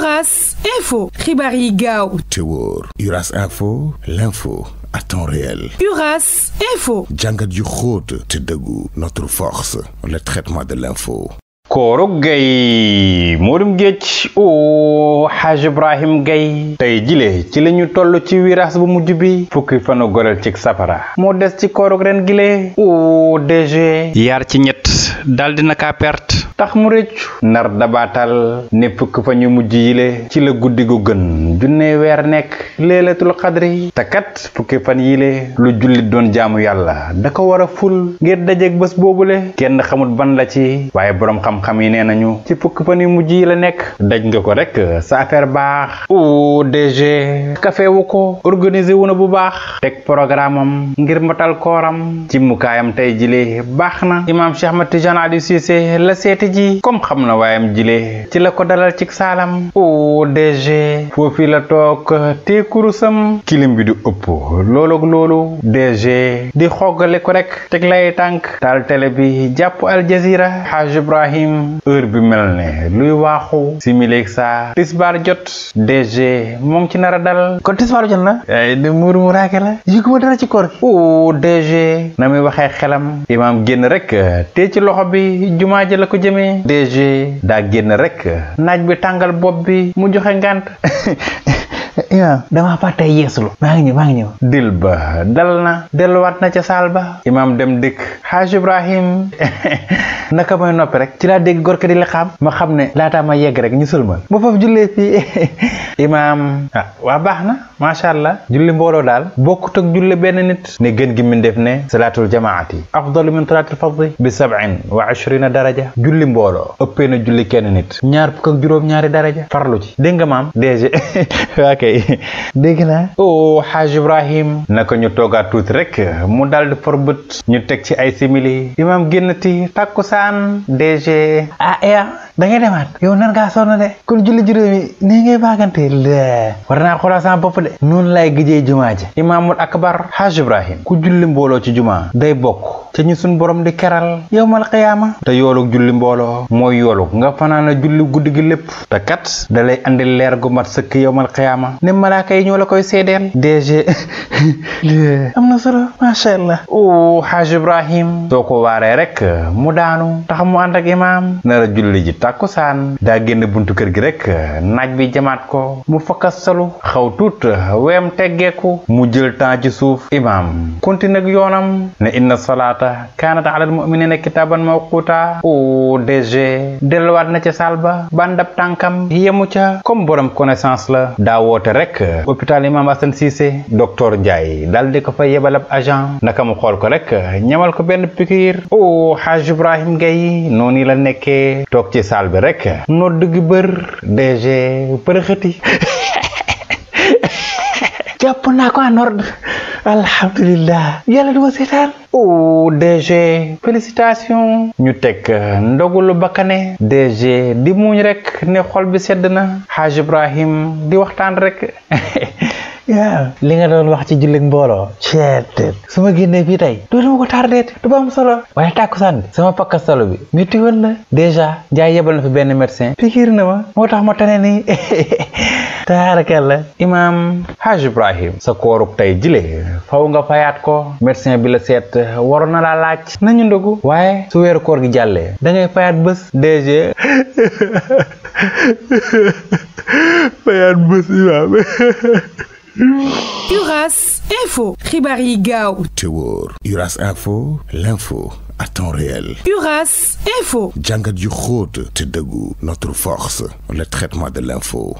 Uras Info Ribari Gao Tewor Uras Info l'info à temps réel Uras Info Djanga du xóot te notre force le traitement de l'info koro gay moodum gech o haj ibrahim gay tay jile ci lañu tollu ci wiras bu mujj bi fukki fanu goral ci safara mo dess ci koorug ren gile o DG Yar ci Dal dina ka perte tax mu reccu nar dabatal ne fukk fa ñu mujj yile ci la guddi gu gën junne weer nekk leelatul qadri te kat fukki fan yile lu julli doon jaamu yàlla da ko war a ful ngir dajeeg bés boobule kenn xamul ban la ci waaye borom xam-xam yi nee nañu ci fukk fan yu mujj yi la nekk daj nga ko rek sa affaire baax ODG kafe wu ko organiser wu na bu baax teg programme ngir matal kooram ci mukaayam tey jile baax na imam Cheikh Mati Jean Ali Cissé la seeti ji comme xam na waayam jile ci la ko dalal ci saalam o DG foofi la toog te kurusam kilim bi du ëpp looloog loolu DG di xoogale ko rek teg lay tànk taal tele bi jàpp Al Jazeera Haj Ibrahim heure bi mel ne luy waaxu simileeg saa tisbaar jot DG moom ci nar a dal kon tisbaar jot na ay di muur muraake la yëguma dara ci koor o DG na muy waxee xelam imaam génn rek te ci loxo bi jumaa ji la ko jëme demee daa génn rekk naaj bi tàngal bopp bi mu joxe ngant imaam damaa fàtte yeeslu maa ngi ñëw maa ngi ñëw dil ba dal na delluwaat na ca saal ba imaam dem dikk xaaj ibrahim naka mooy noppi rek ci laa dégg gorka di la xam ma xam ne laataa ma yegg rek ñu sëlmal ba foofu jullee fii imaam ah waa baax na macha allah julli mbooloo daal bokkut ak julli benn nit ne gën gi mu def ne salaatul jamaati afdalu min salaatil fadli bi sab'in wa ashrina daraja julli mbooloo ëppee na julli kenn nit ñaar fukk ak juróom ñaari daraja farlu ci dégg kay dégg o xaaj ibrahim naka ñu toga tuuti rek mu daldi forbut ñu tek ci ay simili imam gennati takusan dg ar da ya, ngay demat yow nan nga sonna de kon julli juróomi ne ngay baagante la warna naa xoolal sama de nun lay gijee jumaa ji imaamul akbar Haj ibrahim ku julli mbolo ci juma day bok ci ñu sun borom di keral yowmal qiyaama te yoolug julli mbolo moy yoolug nga fanana julli guddigi lepp te kat da andi leer gu mat sekk yowmal qiyaama xam ne malaaka yi ñoo la koy seedeel DG am na solo macha allah o xaaj ibrahim soo ko waaree rek mu daanu tax mu ànd ak imaam nara julli ji tàkkusaan daa génn buntu kër gi rek naaj bi jamaat ko mu fakkas solo xaw tuut weem teggeeku mu jël temps ci suuf imaam continue yoonam ne inna salaata kaanat alal mu'minina kitaaban mawquuta o DG delluwaat na ca saal ba bandab tànkam yemu ca comme borom connaissance la daawoo woote rek hôpital Imam Assane Cissé docteur Ndiaye daal di ko fa yebal ab agent naka mu xool ko rek ñamal ko benn pikiir o oh, Haj Ibrahim Gaye noonu la nekkee toog ci salle bi rek noo dugg bër DG përëxëti jàpp naa ko en ordre alhamdulilah yàlla duma seetaan o oh, DG félicitation ñu teg euh, ndogulu bakkane DG di muñ rek ne xol bi sedd na Haaj Ibrahim di waxtaan rek li nga doon wax ci jullit mbooloo ceet su ma génnee fii tey doo ma ko tardeet du ba am solo waaye tàkkusaan bi sama pakka solo bi métti woon na dèjà jaay yebal na fi benn médecin pikiir na ma moo tax ma tane nii taarakalla imaam Haj Ibrahim sa kooruk tey jile faw nga fayaat ko médecin bi la seet waroon na laa laaj nañu ndogu waaye su weeru koor gi jàllee da ngay fayaat bés dèj fayaat bés imaam Uras Info, Ribari Gao. Tewor Uras Info, l'info à temps réel. Uras Info. Django du te notre force, le traitement de l'info.